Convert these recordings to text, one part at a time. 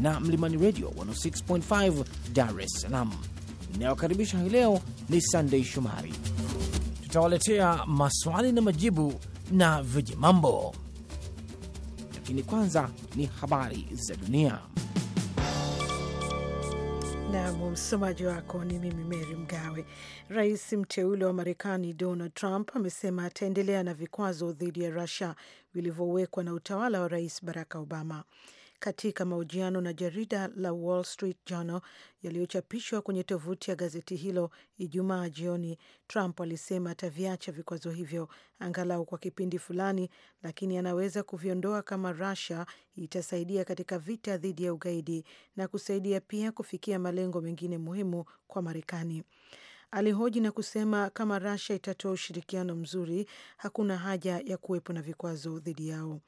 na Mlimani Radio 106.5 Dar es Salaam. Inayokaribisha hii leo ni Sandei Shomari. Tutawaletea maswali na majibu na viji mambo, lakini kwanza ni habari za dunia. Nam msomaji wako ni mimi mery Mgawe. Rais mteule wa Marekani Donald Trump amesema ataendelea na vikwazo dhidi ya Rusia vilivyowekwa na utawala wa Rais Barack Obama katika mahojiano na jarida la Wall Street Journal yaliyochapishwa kwenye tovuti ya gazeti hilo Ijumaa jioni, Trump alisema ataviacha vikwazo hivyo angalau kwa kipindi fulani, lakini anaweza kuviondoa kama Russia itasaidia katika vita dhidi ya ugaidi na kusaidia pia kufikia malengo mengine muhimu kwa Marekani. Alihoji na kusema kama Russia itatoa ushirikiano mzuri, hakuna haja ya kuwepo na vikwazo dhidi yao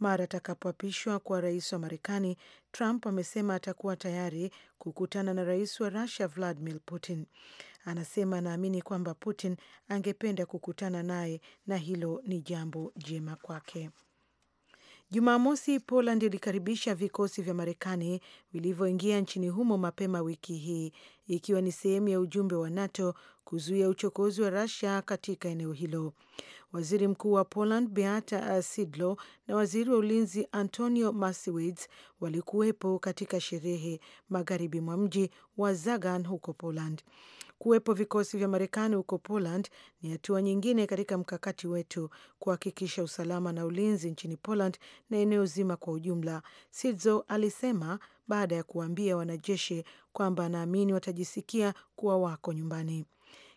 mara atakapoapishwa kuwa rais wa Marekani. Trump amesema atakuwa tayari kukutana na rais wa Rusia Vladimir Putin. Anasema anaamini kwamba Putin angependa kukutana naye na hilo ni jambo jema kwake. Jumamosi, Poland ilikaribisha vikosi vya Marekani vilivyoingia nchini humo mapema wiki hii, ikiwa ni sehemu ya ujumbe wa NATO kuzuia uchokozi wa rasia katika eneo hilo. Waziri Mkuu wa Poland Beata Sidlo na waziri wa ulinzi Antonio Masiwitz walikuwepo katika sherehe magharibi mwa mji wa Zagan huko Poland. Kuwepo vikosi vya Marekani huko Poland ni hatua nyingine katika mkakati wetu kuhakikisha usalama na ulinzi nchini Poland na eneo zima kwa ujumla, Sidzo alisema baada ya kuwaambia wanajeshi kwamba anaamini watajisikia kuwa wako nyumbani.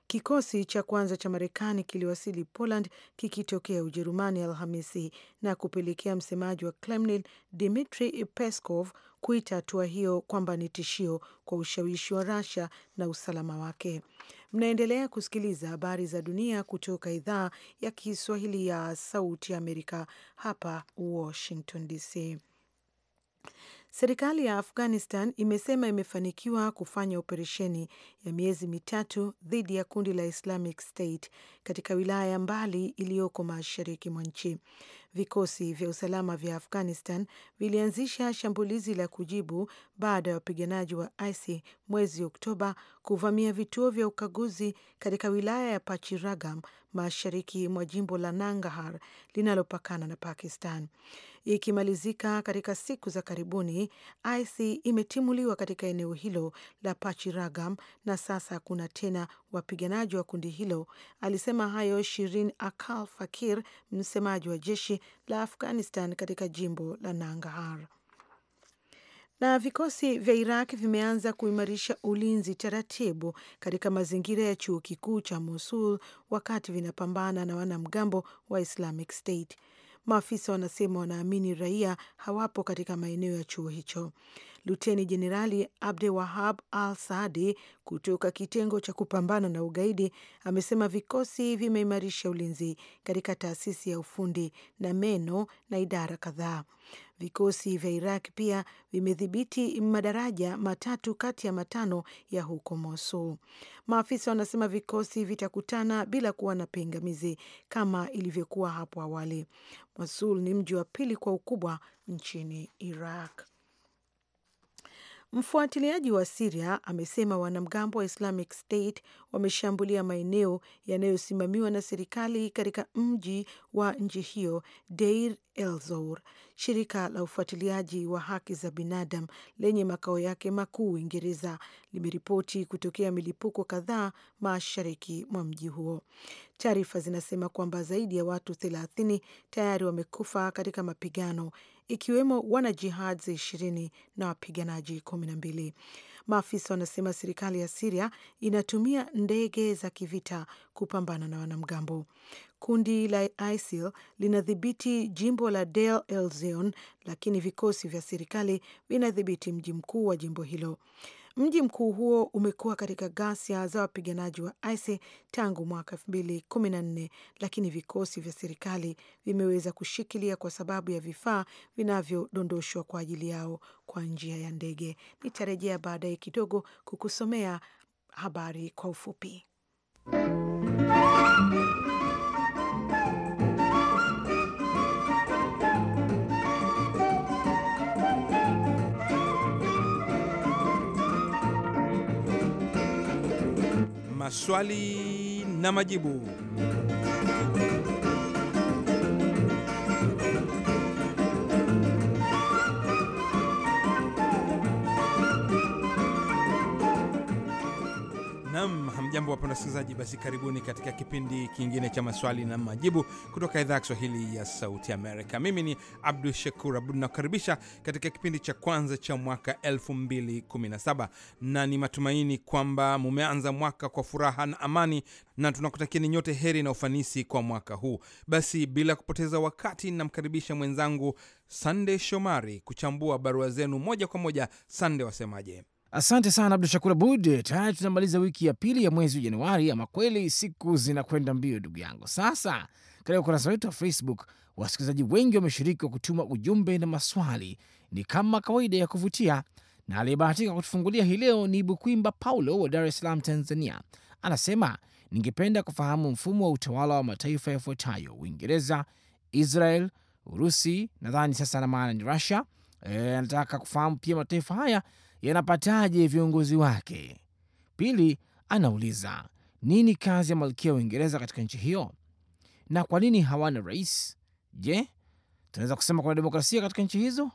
Kikosi cha kwanza cha Marekani kiliwasili Poland kikitokea Ujerumani Alhamisi na kupelekea msemaji wa Kremlin Dmitri Peskov kuita hatua hiyo kwamba ni tishio kwa ushawishi wa Russia na usalama wake. Mnaendelea kusikiliza habari za dunia kutoka idhaa ya Kiswahili ya Sauti ya Amerika hapa Washington DC. Serikali ya Afghanistan imesema imefanikiwa kufanya operesheni ya miezi mitatu dhidi ya kundi la Islamic State katika wilaya ya Mbali iliyoko mashariki mwa nchi. Vikosi vya usalama vya Afghanistan vilianzisha shambulizi la kujibu baada ya wapiganaji wa ISI mwezi Oktoba kuvamia vituo vya ukaguzi katika wilaya ya Pachiragam mashariki mwa jimbo la nangahar linalopakana na Pakistan, ikimalizika katika siku za karibuni IC imetimuliwa katika eneo hilo la Pachiragam na sasa hakuna tena wapiganaji wa kundi hilo. Alisema hayo Shirin Akal Fakir, msemaji wa jeshi la Afghanistan katika jimbo la nangahar Na vikosi vya Iraq vimeanza kuimarisha ulinzi taratibu katika mazingira ya chuo kikuu cha Mosul wakati vinapambana na wanamgambo wa Islamic State. Maafisa wanasema wanaamini raia hawapo katika maeneo ya chuo hicho. Luteni Jenerali wahab Al Saadi kutoka kitengo cha kupambana na ugaidi amesema vikosi vimeimarisha ulinzi katika taasisi ya ufundi na meno na idara kadhaa. Vikosi vya Iraq pia vimedhibiti madaraja matatu kati ya matano ya huko Mosul. Maafisa wanasema vikosi vitakutana bila kuwa na pingamizi kama ilivyokuwa hapo awali. Mosul ni mji wa pili kwa ukubwa nchini Iraq. Mfuatiliaji wa Siria amesema wanamgambo wa Islamic State wameshambulia maeneo yanayosimamiwa na serikali katika mji wa nchi hiyo Deir el Shirika la ufuatiliaji wa haki za binadamu lenye makao yake makuu Uingereza limeripoti kutokea milipuko kadhaa mashariki mwa mji huo. Taarifa zinasema kwamba zaidi ya watu thelathini tayari wamekufa katika mapigano ikiwemo wanajihadi ishirini na wapiganaji kumi na mbili. Maafisa wanasema serikali ya Siria inatumia ndege za kivita kupambana na wanamgambo. Kundi la ISIL linadhibiti jimbo la Deir el lakini vikosi vya serikali vinadhibiti mji mkuu wa jimbo hilo. Mji mkuu huo umekuwa katika ghasia za wapiganaji wa ISIL tangu mwaka nne, lakini vikosi vya serikali vimeweza kushikilia kwa sababu ya vifaa vinavyodondoshwa kwa ajili yao kwa njia ya ndege. Nitarejea baadaye kidogo kukusomea habari kwa ufupi. maswali na majibu. Hamjambo wapenda wasikilizaji, basi karibuni katika kipindi kingine cha maswali na majibu kutoka idhaa ya Kiswahili ya Sauti Amerika. Mimi ni Abdu Shakur Abud nakukaribisha katika kipindi cha kwanza cha mwaka 2017 na ni matumaini kwamba mumeanza mwaka kwa furaha na amani, na tunakutakieni nyote heri na ufanisi kwa mwaka huu. Basi bila kupoteza wakati, namkaribisha mwenzangu Sande Shomari kuchambua barua zenu moja kwa moja. Sande, wasemaje? Asante sana Abdu Shakur Abud. Tayari tunamaliza wiki ya pili ya mwezi Januari. Ama kweli siku zinakwenda mbio, ndugu yangu. Sasa katika ukurasa wetu wa Facebook wasikilizaji wengi wameshiriki wa kutuma ujumbe na maswali, ni kama kawaida ya kuvutia, na aliyebahatika kutufungulia hii leo ni Bukwimba Paulo wa Dar es Salaam, Tanzania. Anasema, ningependa kufahamu mfumo wa utawala wa mataifa yafuatayo: Uingereza, Israel, Urusi, nadhani sasa na maana ni Rusia. Eh, anataka kufahamu pia mataifa haya yanapataje viongozi wake? Pili, anauliza nini kazi ya malkia wa Uingereza katika nchi hiyo, na kwa nini hawana rais? Je, tunaweza kusema kuna demokrasia katika nchi hizo?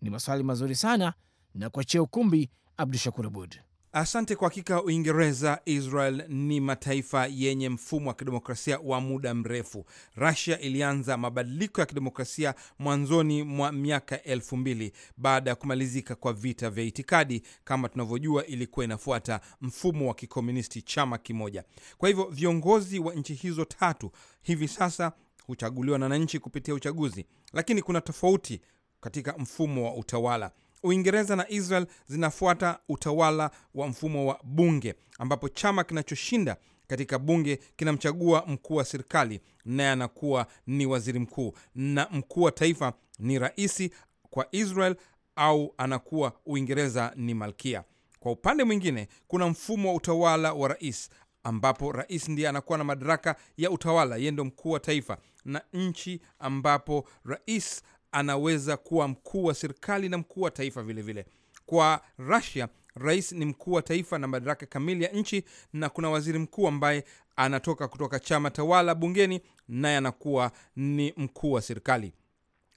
Ni maswali mazuri sana na kuachia ukumbi Abdu Shakur Abud. Asante. Kwa hakika Uingereza, Israel ni mataifa yenye mfumo wa kidemokrasia wa muda mrefu. rasia ilianza mabadiliko ya kidemokrasia mwanzoni mwa miaka elfu mbili baada ya kumalizika kwa vita vya itikadi. Kama tunavyojua, ilikuwa inafuata mfumo wa kikomunisti, chama kimoja. Kwa hivyo viongozi wa nchi hizo tatu hivi sasa huchaguliwa na wananchi kupitia uchaguzi, lakini kuna tofauti katika mfumo wa utawala. Uingereza na Israel zinafuata utawala wa mfumo wa bunge, ambapo chama kinachoshinda katika bunge kinamchagua mkuu wa serikali, naye anakuwa ni waziri mkuu, na mkuu wa taifa ni raisi kwa Israel au anakuwa Uingereza ni malkia. Kwa upande mwingine, kuna mfumo wa utawala wa rais ambapo rais ndiye anakuwa na madaraka ya utawala, yeye ndo mkuu wa taifa, na nchi ambapo rais anaweza kuwa mkuu wa serikali na mkuu wa taifa vilevile vile. Kwa Russia rais ni mkuu wa taifa na madaraka kamili ya nchi, na kuna waziri mkuu ambaye anatoka kutoka chama tawala bungeni, naye anakuwa ni mkuu wa serikali.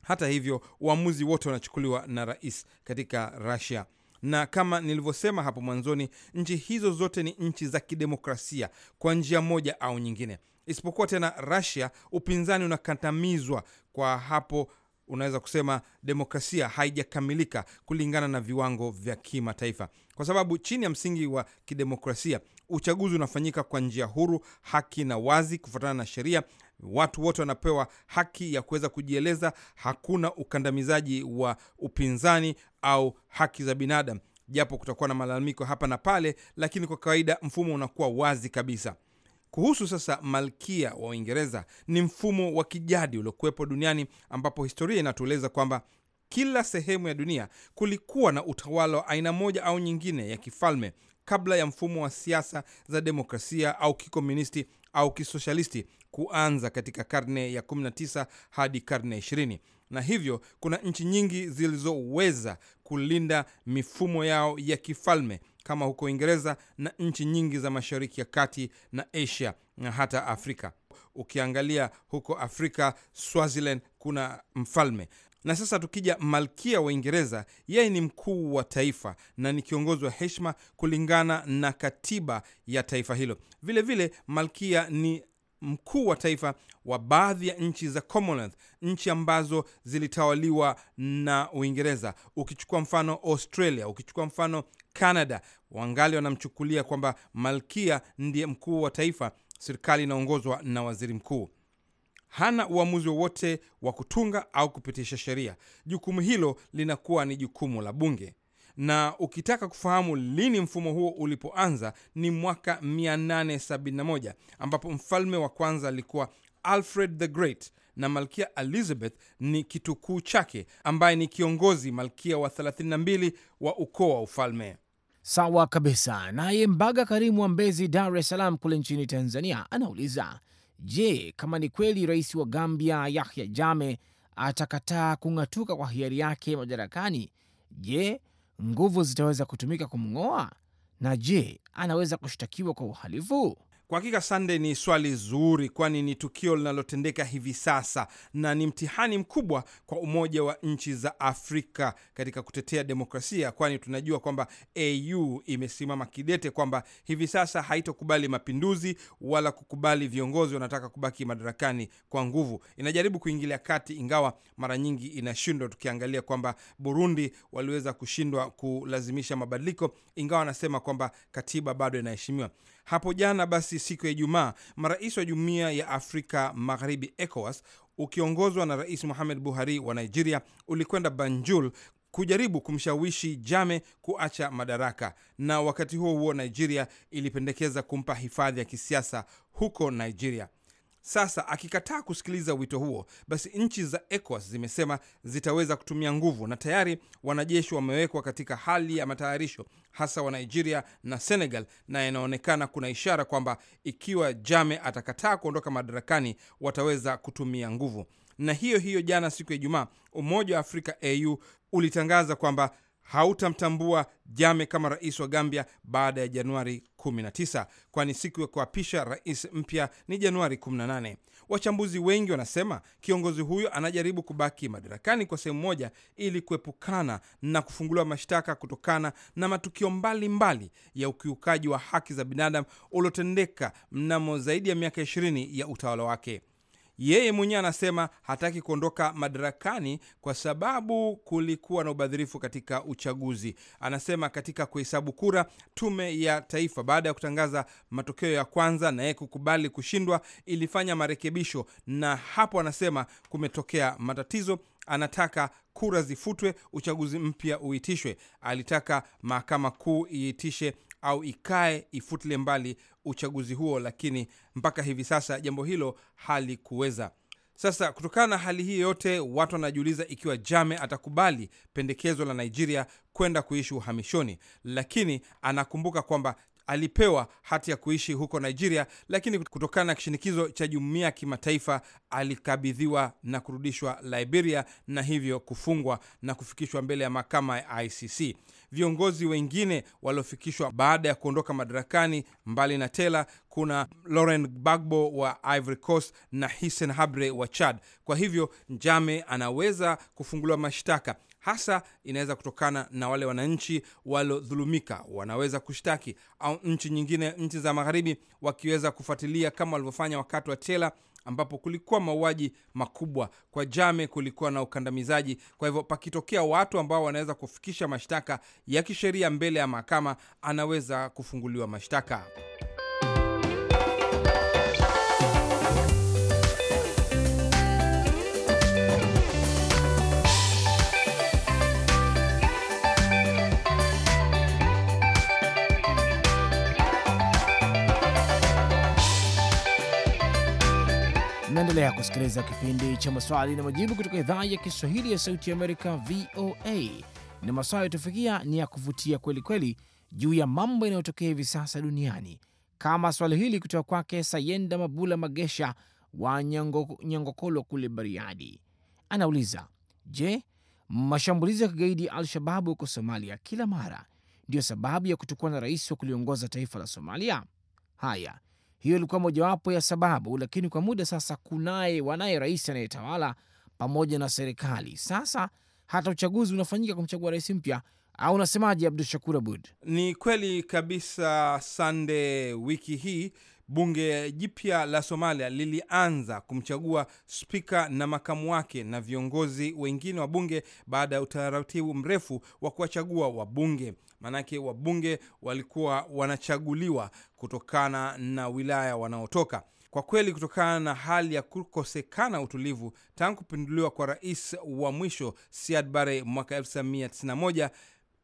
Hata hivyo, uamuzi wote unachukuliwa na rais katika Russia na kama nilivyosema hapo mwanzoni, nchi hizo zote ni nchi za kidemokrasia kwa njia moja au nyingine, isipokuwa tena Russia upinzani unakandamizwa kwa hapo unaweza kusema demokrasia haijakamilika kulingana na viwango vya kimataifa, kwa sababu chini ya msingi wa kidemokrasia uchaguzi unafanyika kwa njia huru, haki na wazi, kufuatana na sheria. Watu wote wanapewa haki ya kuweza kujieleza. Hakuna ukandamizaji wa upinzani au haki za binadamu, japo kutakuwa na malalamiko hapa na pale, lakini kwa kawaida mfumo unakuwa wazi kabisa. Kuhusu sasa malkia wa Uingereza, ni mfumo wa kijadi uliokuwepo duniani ambapo historia inatueleza kwamba kila sehemu ya dunia kulikuwa na utawala wa aina moja au nyingine ya kifalme kabla ya mfumo wa siasa za demokrasia au kikomunisti au kisoshalisti kuanza katika karne ya 19 hadi karne ya 20, na hivyo kuna nchi nyingi zilizoweza kulinda mifumo yao ya kifalme kama huko Uingereza na nchi nyingi za Mashariki ya Kati na Asia na hata Afrika. Ukiangalia huko Afrika, Swaziland kuna mfalme na sasa tukija malkia wa Uingereza, yeye ni mkuu wa taifa na ni kiongozi wa heshima kulingana na katiba ya taifa hilo. Vilevile vile, malkia ni mkuu wa taifa wa baadhi ya nchi za Commonwealth, nchi ambazo zilitawaliwa na Uingereza. Ukichukua mfano Australia, ukichukua mfano Canada wangali wanamchukulia kwamba malkia ndiye mkuu wa taifa, serikali inaongozwa na waziri mkuu. Hana uamuzi wowote wa kutunga au kupitisha sheria. Jukumu hilo linakuwa ni jukumu la bunge na ukitaka kufahamu lini mfumo huo ulipoanza ni mwaka 871 ambapo mfalme wa kwanza alikuwa Alfred the Great na malkia Elizabeth ni kitukuu chake, ambaye ni kiongozi malkia wa 32 wa ukoo wa ufalme. Sawa kabisa. Naye Mbaga Karimu wa Mbezi, Dar es Salaam kule nchini Tanzania, anauliza je, kama ni kweli rais wa Gambia Yahya jame atakataa kung'atuka kwa hiari yake madarakani, je, nguvu zitaweza kutumika kumng'oa? Na je, anaweza kushtakiwa kwa uhalifu? Kwa hakika Sande, ni swali zuri, kwani ni tukio linalotendeka hivi sasa na ni mtihani mkubwa kwa Umoja wa Nchi za Afrika katika kutetea demokrasia, kwani tunajua kwamba AU imesimama kidete kwamba hivi sasa haitokubali mapinduzi wala kukubali viongozi wanataka kubaki madarakani kwa nguvu. Inajaribu kuingilia kati, ingawa mara nyingi inashindwa, tukiangalia kwamba Burundi waliweza kushindwa kulazimisha mabadiliko, ingawa anasema kwamba katiba bado inaheshimiwa. Hapo jana basi, siku ya Ijumaa, marais wa Jumuiya ya Afrika Magharibi ECOWAS ukiongozwa na Rais Muhamed Buhari wa Nigeria ulikwenda Banjul kujaribu kumshawishi Jame kuacha madaraka. Na wakati huo huo, Nigeria ilipendekeza kumpa hifadhi ya kisiasa huko Nigeria. Sasa akikataa kusikiliza wito huo, basi nchi za ECOWAS zimesema zitaweza kutumia nguvu, na tayari wanajeshi wamewekwa katika hali ya matayarisho, hasa wa Nigeria na Senegal, na inaonekana kuna ishara kwamba ikiwa Jame atakataa kuondoka madarakani, wataweza kutumia nguvu. Na hiyo hiyo jana, siku ya Ijumaa, Umoja wa Afrika AU ulitangaza kwamba hautamtambua Jame kama rais wa Gambia baada ya Januari 19 kwani siku ya kuapisha rais mpya ni Januari 18. Wachambuzi wengi wanasema kiongozi huyo anajaribu kubaki madarakani kwa sehemu moja ili kuepukana na kufunguliwa mashtaka kutokana na matukio mbalimbali mbali ya ukiukaji wa haki za binadamu uliotendeka mnamo zaidi ya miaka 20 ya utawala wake. Yeye mwenyewe anasema hataki kuondoka madarakani kwa sababu kulikuwa na ubadhirifu katika uchaguzi. Anasema katika kuhesabu kura, tume ya taifa baada ya kutangaza matokeo ya kwanza na yeye kukubali kushindwa, ilifanya marekebisho, na hapo anasema kumetokea matatizo. Anataka kura zifutwe, uchaguzi mpya uitishwe. Alitaka mahakama kuu iitishe au ikae ifutile mbali uchaguzi huo, lakini mpaka hivi sasa jambo hilo halikuweza. Sasa kutokana na hali hii yote, watu wanajiuliza ikiwa Jame atakubali pendekezo la Nigeria kwenda kuishi uhamishoni, lakini anakumbuka kwamba alipewa hati ya kuishi huko Nigeria, lakini kutokana na kishinikizo cha jumuiya ya kimataifa alikabidhiwa na kurudishwa Liberia, na hivyo kufungwa na kufikishwa mbele ya mahakama ya ICC viongozi wengine waliofikishwa baada ya kuondoka madarakani. Mbali na Tela kuna Laurent bagbo wa Ivory Coast na Hisen Habre wa Chad. Kwa hivyo Njame anaweza kufunguliwa mashtaka hasa inaweza kutokana na wale wananchi waliodhulumika wanaweza kushtaki, au nchi nyingine, nchi za magharibi wakiweza kufuatilia kama walivyofanya wakati wa Tela ambapo kulikuwa mauaji makubwa. Kwa Jame kulikuwa na ukandamizaji. Kwa hivyo pakitokea watu ambao wanaweza kufikisha mashtaka ya kisheria mbele ya mahakama, anaweza kufunguliwa mashtaka. Unaendelea kusikiliza kipindi cha maswali na majibu kutoka idhaa ya Kiswahili ya Sauti Amerika, VOA, na maswali yatofikia ni ya kuvutia kweli kweli juu ya mambo yanayotokea hivi sasa duniani, kama swali hili kutoka kwake Sayenda Mabula Magesha wa Nyangokolo kule Bariadi. Anauliza, je, mashambulizi ya kigaidi ya Al-Shababu huko Somalia kila mara ndiyo sababu ya kutokuwa na rais wa kuliongoza taifa la Somalia? Haya, hiyo ilikuwa mojawapo ya sababu, lakini kwa muda sasa kunaye wanaye rais anayetawala pamoja na serikali. Sasa hata uchaguzi unafanyika kumchagua rais mpya, au unasemaje, Abdu Shakur Abud? Ni kweli kabisa, Sande. Wiki hii bunge jipya la Somalia lilianza kumchagua spika na makamu wake na viongozi wengine wa bunge baada ya utaratibu mrefu wa kuwachagua wabunge maanake wabunge walikuwa wanachaguliwa kutokana na wilaya wanaotoka. Kwa kweli, kutokana na hali ya kukosekana utulivu tangu kupinduliwa kwa rais wa mwisho Siad Barre mwaka 1991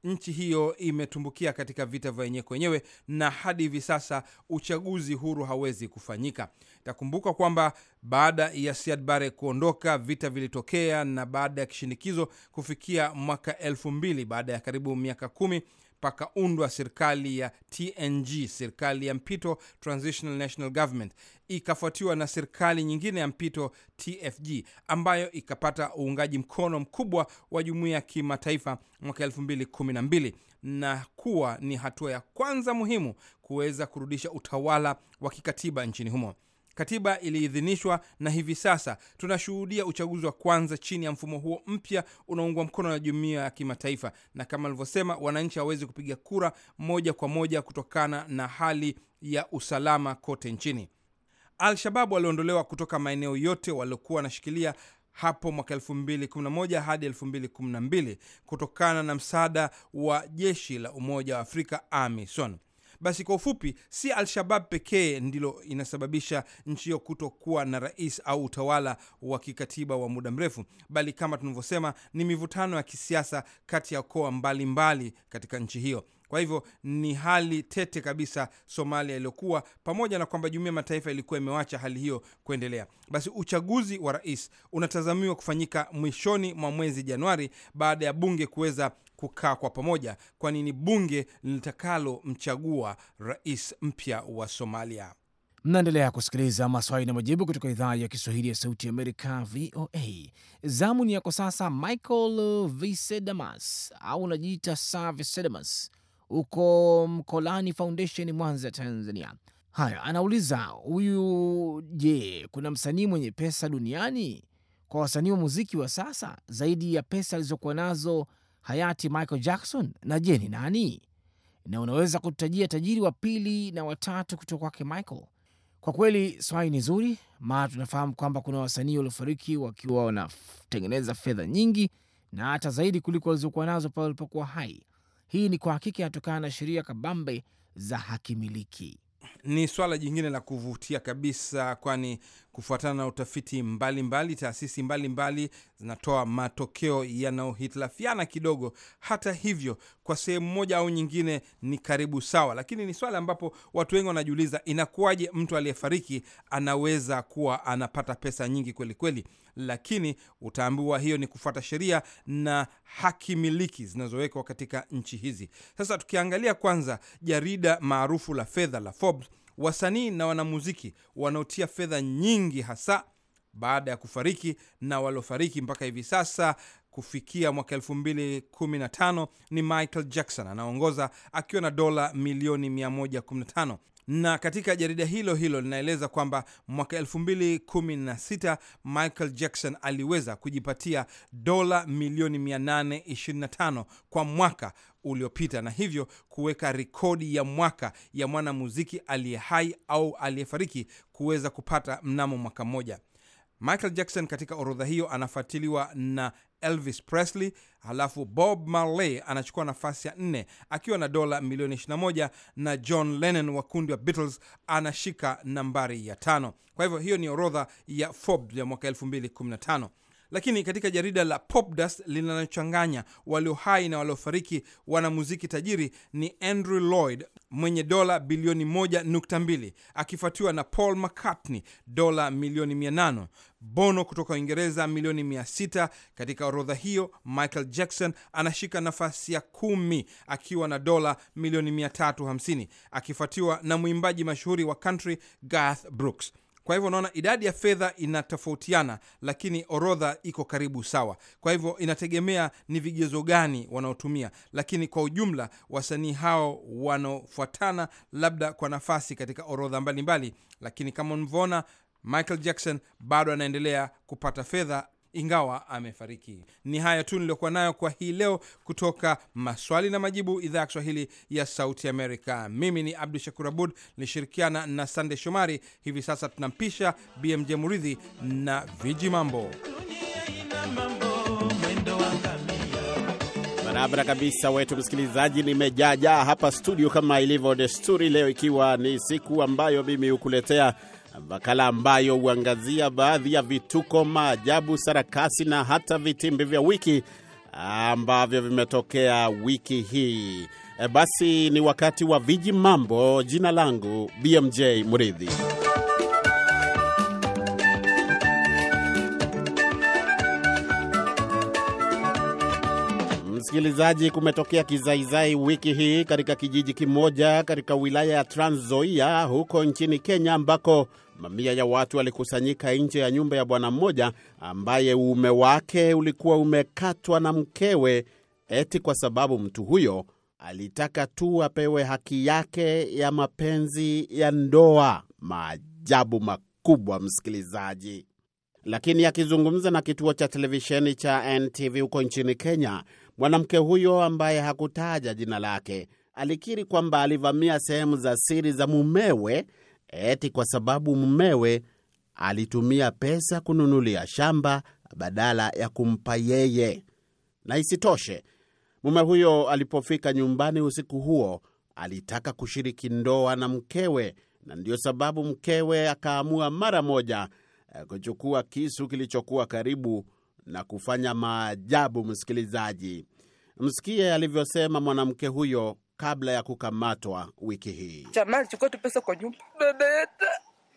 nchi hiyo imetumbukia katika vita vya wenyewe kwenyewe na hadi hivi sasa uchaguzi huru hawezi kufanyika. Itakumbuka kwamba baada ya Siad kuondoka vita vilitokea, na baada ya kishinikizo kufikia mwaka elfu mbili, baada ya karibu miaka kumi, pakaundwa serikali ya TNG, serikali ya mpito Transitional National Government, ikafuatiwa na serikali nyingine ya mpito TFG ambayo ikapata uungaji mkono mkubwa wa jumuiya ya kimataifa mwaka 2012 na kuwa ni hatua ya kwanza muhimu kuweza kurudisha utawala wa kikatiba nchini humo. Katiba iliidhinishwa na hivi sasa tunashuhudia uchaguzi wa kwanza chini ya mfumo huo mpya unaungwa mkono na jumuiya ya kimataifa, na kama alivyosema, wananchi hawawezi kupiga kura moja kwa moja kutokana na hali ya usalama kote nchini. Al-Shababu waliondolewa kutoka maeneo yote waliokuwa wanashikilia hapo mwaka 2011 hadi 2012 kutokana na msaada wa jeshi la Umoja wa Afrika AMISON. Basi kwa ufupi, si Al-Shabab pekee ndilo inasababisha nchi hiyo kutokuwa na rais au utawala wa kikatiba wa muda mrefu, bali kama tunavyosema, ni mivutano ya kisiasa kati ya koa mbalimbali katika nchi hiyo. Kwa hivyo ni hali tete kabisa Somalia iliyokuwa, pamoja na kwamba jumuia mataifa ilikuwa imewacha hali hiyo kuendelea. Basi uchaguzi wa rais unatazamiwa kufanyika mwishoni mwa mwezi Januari baada ya bunge kuweza kukaa kwa pamoja, kwani ni bunge litakalomchagua rais mpya wa Somalia. Mnaendelea kusikiliza maswali na majibu kutoka idhaa ya Kiswahili ya Sauti ya Amerika, VOA. Zamu ni yako sasa, Michael Visedamas au unajiita Sa Visedamas, uko Mkolani Foundation, Mwanza, Tanzania. Haya, anauliza huyu, je, kuna msanii mwenye pesa duniani kwa wasanii wa muziki wa sasa zaidi ya pesa alizokuwa nazo hayati Michael Jackson? Na je, ni nani? Na unaweza kututajia tajiri wa pili na watatu kutoka kwake Michael? Kwa kweli swali ni zuri, maana tunafahamu kwamba kuna wasanii waliofariki wakiwa wanatengeneza fedha nyingi na hata zaidi kuliko walizokuwa nazo pale walipokuwa hai. Hii ni kwa hakika inatokana na sheria kabambe za hakimiliki. Ni swala jingine la kuvutia kabisa, kwani Kufuatana na utafiti mbalimbali mbali, taasisi mbalimbali zinatoa matokeo yanayohitilafiana kidogo. Hata hivyo, kwa sehemu moja au nyingine ni karibu sawa, lakini ni swala ambapo watu wengi wanajiuliza, inakuwaje mtu aliyefariki anaweza kuwa anapata pesa nyingi kwelikweli kweli? Lakini utaambiwa hiyo ni kufuata sheria na haki miliki zinazowekwa katika nchi hizi. Sasa tukiangalia kwanza jarida maarufu la fedha la Forbes wasanii na wanamuziki wanaotia fedha nyingi, hasa baada ya kufariki na waliofariki mpaka hivi sasa kufikia mwaka e215 ni Michael Jackson anaongoza akiwa na dola milioni 115, na katika jarida hilo hilo linaeleza kwamba mwaka 2016 Michael Jackson aliweza kujipatia dola milioni 825 kwa mwaka uliopita, na hivyo kuweka rekodi ya mwaka ya mwanamuziki aliye hai au aliyefariki kuweza kupata mnamo mwaka mmoja. Michael Jackson katika orodha hiyo anafuatiliwa na Elvis Presley, halafu Bob Marley anachukua nafasi ya nne akiwa na dola milioni 21 na John Lennon wa kundi wa Beatles anashika nambari ya tano. Kwa hivyo hiyo ni orodha ya Forbes ya mwaka 2015 lakini katika jarida la Popdust linalochanganya walio hai na waliofariki wanamuziki tajiri ni Andrew Lloyd mwenye dola bilioni 1.2 akifuatiwa na Paul McCartney dola milioni 800, Bono kutoka Uingereza milioni 600. Katika orodha hiyo Michael Jackson anashika nafasi ya kumi akiwa na dola milioni 350, akifuatiwa na mwimbaji mashuhuri wa country Garth Brooks. Kwa hivyo unaona idadi ya fedha inatofautiana, lakini orodha iko karibu sawa. Kwa hivyo inategemea ni vigezo gani wanaotumia, lakini kwa ujumla wasanii hao wanaofuatana labda kwa nafasi katika orodha mbalimbali, lakini kama unavyoona Michael Jackson bado anaendelea kupata fedha ingawa amefariki. Ni haya tu niliokuwa nayo kwa hii leo, kutoka maswali na majibu, idhaa ya Kiswahili ya Sauti Amerika. Mimi ni Abdu Shakur Abud, nilishirikiana na Sande Shomari. Hivi sasa tunampisha BMJ Muridhi na Viji Mambo barabara kabisa wetu msikilizaji, nimejaajaa hapa studio kama ilivyo desturi, leo ikiwa ni siku ambayo mimi hukuletea makala ambayo huangazia baadhi ya vituko, maajabu, sarakasi na hata vitimbi vya wiki ambavyo vimetokea wiki hii. E, basi ni wakati wa viji mambo. Jina langu BMJ Muridhi. Msikilizaji, kumetokea kizaizai wiki hii katika kijiji kimoja katika wilaya ya Trans Nzoia huko nchini Kenya, ambako mamia ya watu walikusanyika nje ya nyumba ya bwana mmoja ambaye uume wake ulikuwa umekatwa na mkewe, eti kwa sababu mtu huyo alitaka tu apewe haki yake ya mapenzi ya ndoa. Maajabu makubwa, msikilizaji. Lakini akizungumza na kituo cha televisheni cha NTV huko nchini Kenya, Mwanamke huyo ambaye hakutaja jina lake alikiri kwamba alivamia sehemu za siri za mumewe eti kwa sababu mumewe alitumia pesa kununulia shamba badala ya kumpa yeye. Na isitoshe, mume huyo alipofika nyumbani usiku huo alitaka kushiriki ndoa na mkewe, na ndiyo sababu mkewe akaamua mara moja eh, kuchukua kisu kilichokuwa karibu na kufanya maajabu. Msikilizaji, msikie alivyosema mwanamke huyo kabla ya kukamatwa wiki hii. Jamani, chukua tu pesa kwa nyumba, anaenda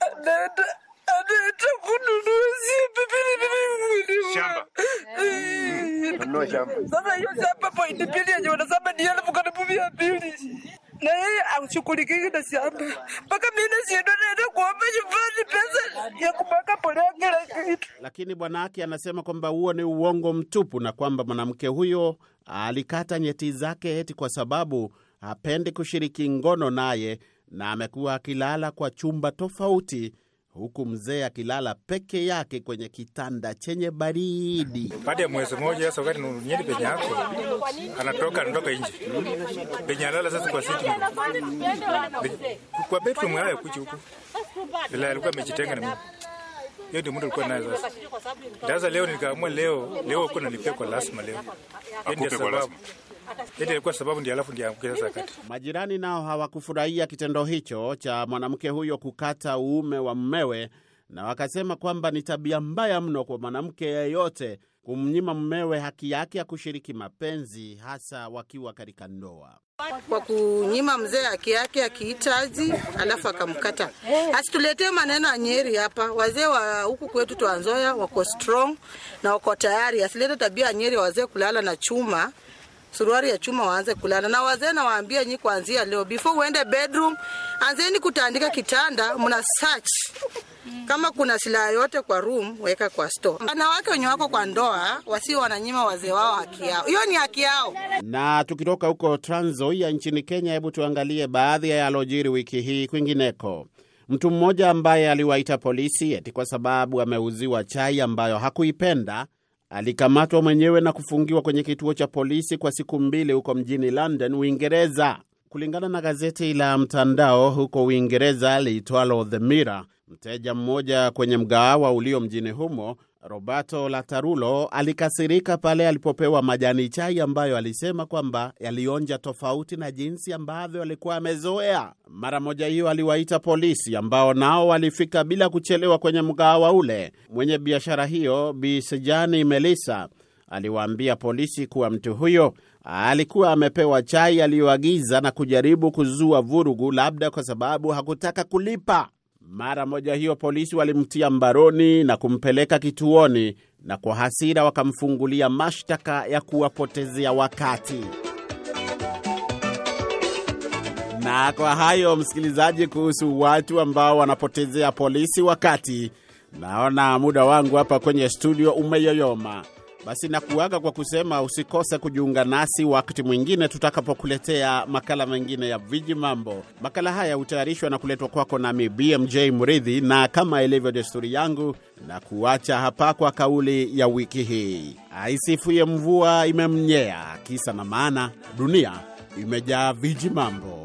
anaenda anaenda kununua shamba sasa. Hiyo shamba pointi pili yenye wanasema ni elfu karibu mia mbili na yeye ashughulikie na shamba mpaka mimi nasienda naenda kuomba nyumbani pesa ya kumweka mbolea kila kitu. Lakini bwanake anasema kwamba huo ni uongo mtupu na kwamba mwanamke huyo alikata nyeti zake eti kwa sababu hapendi kushiriki ngono naye na amekuwa akilala kwa chumba tofauti huku mzee akilala peke yake kwenye kitanda chenye baridi. Baada ya mwezi mmoja sasa, wakati nyeni penye yako anatoka anatoka nje penye alala sasa, kwa siti kwa betu mwa mwaya kuchi huko, bila alikuwa amejitenga na mimi. Hiyo ndio mtu alikuwa naye sasa. Ndaza leo nikaamua, leo leo uko nalipia kwa lazima leo, ndio sababu Majirani nao hawakufurahia kitendo hicho cha mwanamke huyo kukata uume wa mmewe, na wakasema kwamba ni tabia mbaya mno kwa mwanamke yeyote kumnyima mmewe haki yake ya kushiriki mapenzi, hasa wakiwa katika ndoa kwa kunyima mzee haki yake akihitaji, alafu akamkata. Asituletee maneno Nyeri hapa. Wazee wa huku kwetu Twanzoya wako strong na wako tayari. Asilete tabia Nyeri wazee kulala na chuma suruari ya chuma waanze kulala. Na wazee nawaambia nyi, kuanzia leo, before uende bedroom, anzeni kutandika kitanda, mna search kama kuna silaha yote kwa room weka kwa store. Wanawake wenye wako kwa ndoa wasio wananyima wazee wao haki yao, hiyo ni haki yao. Na tukitoka huko Trans Nzoia nchini Kenya, hebu tuangalie baadhi ya yalojiri wiki hii kwingineko. Mtu mmoja ambaye aliwaita polisi eti kwa sababu ameuziwa chai ambayo hakuipenda alikamatwa mwenyewe na kufungiwa kwenye kituo cha polisi kwa siku mbili huko mjini London, Uingereza. Kulingana na gazeti la mtandao huko Uingereza liitwalo The Mirror, mteja mmoja kwenye mgahawa ulio mjini humo Roberto Latarulo alikasirika pale alipopewa majani chai ambayo alisema kwamba yalionja tofauti na jinsi ambavyo alikuwa amezoea. Mara moja hiyo aliwaita polisi ambao nao walifika bila kuchelewa kwenye mgahawa ule. Mwenye biashara hiyo Bi Sejani Melissa aliwaambia polisi kuwa mtu huyo alikuwa amepewa chai aliyoagiza na kujaribu kuzua vurugu, labda kwa sababu hakutaka kulipa. Mara moja hiyo polisi walimtia mbaroni na kumpeleka kituoni, na kwa hasira wakamfungulia mashtaka ya kuwapotezea wakati. Na kwa hayo, msikilizaji, kuhusu watu ambao wanapotezea polisi wakati, naona muda wangu hapa kwenye studio umeyoyoma. Basi nakuaga kwa kusema usikose kujiunga nasi wakati mwingine tutakapokuletea makala mengine ya viji mambo. Makala haya hutayarishwa na kuletwa kwako nami BMJ Mridhi, na kama ilivyo desturi yangu, na kuacha hapa kwa kauli ya wiki hii, aisifuye mvua imemnyea. Kisa na maana, dunia imejaa viji mambo.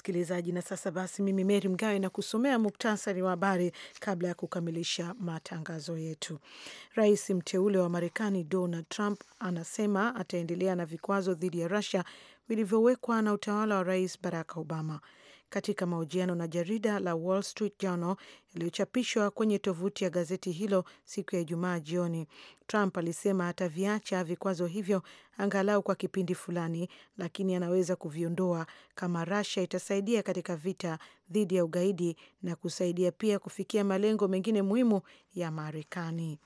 msikilizaji. Na sasa basi, mimi Meri Mgawe na kusomea muktasari wa habari kabla ya kukamilisha matangazo yetu. Rais mteule wa Marekani Donald Trump anasema ataendelea na vikwazo dhidi ya Rusia vilivyowekwa na utawala wa Rais Barack Obama katika mahojiano na jarida la Wall Street Journal yaliyochapishwa kwenye tovuti ya gazeti hilo siku ya Ijumaa jioni. Trump alisema ataviacha vikwazo hivyo angalau kwa kipindi fulani, lakini anaweza kuviondoa kama Russia itasaidia katika vita dhidi ya ugaidi na kusaidia pia kufikia malengo mengine muhimu ya Marekani.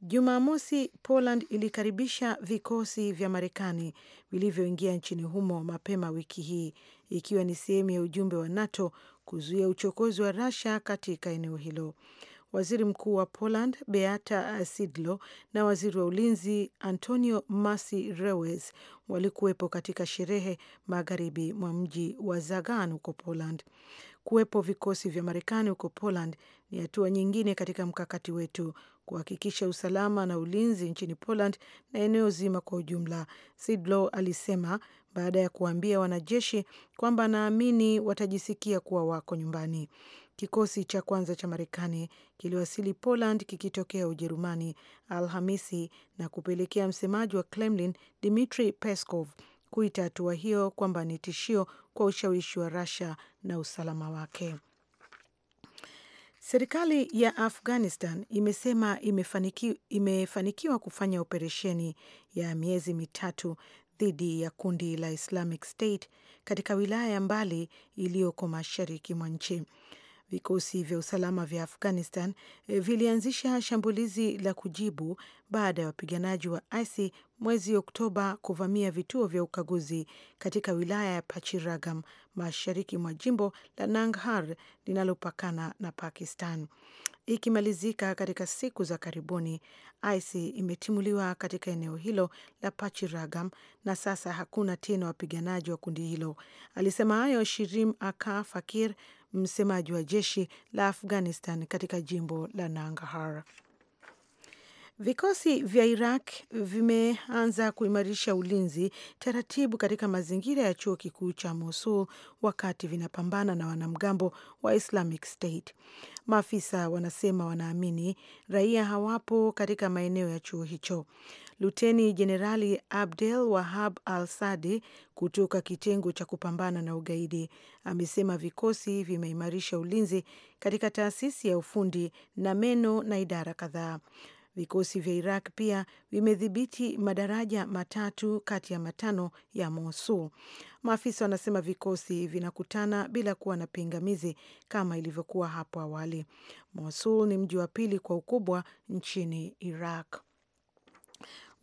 Jumamosi, Poland ilikaribisha vikosi vya Marekani vilivyoingia nchini humo mapema wiki hii ikiwa ni sehemu ya ujumbe wa NATO kuzuia uchokozi wa Russia katika eneo hilo. Waziri Mkuu wa Poland Beata Sidlo na waziri wa ulinzi Antonio masi rewes walikuwepo katika sherehe magharibi mwa mji wa Zagan huko Poland. Kuwepo vikosi vya Marekani huko Poland ni hatua nyingine katika mkakati wetu kuhakikisha usalama na ulinzi nchini Poland na eneo zima kwa ujumla, Sidlow alisema baada ya kuwaambia wanajeshi kwamba anaamini watajisikia kuwa wako nyumbani. Kikosi cha kwanza cha Marekani kiliwasili Poland kikitokea Ujerumani Alhamisi na kupelekea msemaji wa Kremlin Dmitri Peskov kuita hatua hiyo kwamba ni tishio kwa ushawishi wa Russia na usalama wake. Serikali ya Afghanistan imesema imefanikiwa, imefanikiwa kufanya operesheni ya miezi mitatu dhidi ya kundi la Islamic State katika wilaya ya mbali iliyoko mashariki mwa nchi. Vikosi vya usalama vya Afghanistan e, vilianzisha shambulizi la kujibu baada ya wapiganaji wa ISI mwezi Oktoba kuvamia vituo vya ukaguzi katika wilaya ya Pachiragam mashariki mwa jimbo la Nangarhar linalopakana na Pakistan. Ikimalizika katika siku za karibuni, IC imetimuliwa katika eneo hilo la Pachiragam na sasa hakuna tena wapiganaji wa kundi hilo. Alisema hayo Shirim Aka Fakir, msemaji wa jeshi la Afghanistan katika jimbo la Nangarhar. Vikosi vya Iraq vimeanza kuimarisha ulinzi taratibu katika mazingira ya chuo kikuu cha Mosul wakati vinapambana na wanamgambo wa Islamic State. Maafisa wanasema wanaamini raia hawapo katika maeneo ya chuo hicho. Luteni Jenerali Abdel Wahab Al Sadi kutoka kitengo cha kupambana na ugaidi amesema vikosi vimeimarisha ulinzi katika taasisi ya ufundi na meno na idara kadhaa. Vikosi vya Iraq pia vimedhibiti madaraja matatu kati ya matano ya Mosul. Maafisa wanasema vikosi vinakutana bila kuwa na pingamizi kama ilivyokuwa hapo awali. Mosul ni mji wa pili kwa ukubwa nchini Iraq.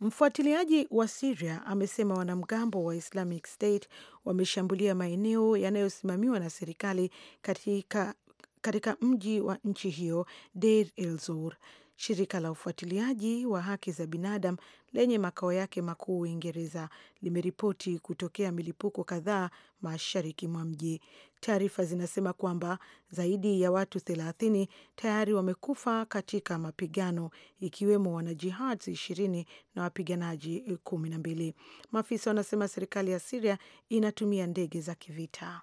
Mfuatiliaji wa Siria amesema wanamgambo wa Islamic State wameshambulia maeneo yanayosimamiwa na serikali katika, katika mji wa nchi hiyo Deir el Zor. Shirika la ufuatiliaji wa haki za binadamu lenye makao yake makuu Uingereza limeripoti kutokea milipuko kadhaa mashariki mwa mji. Taarifa zinasema kwamba zaidi ya watu thelathini tayari wamekufa katika mapigano, ikiwemo wanajihad ishirini na wapiganaji kumi na mbili. Maafisa wanasema serikali ya Siria inatumia ndege za kivita.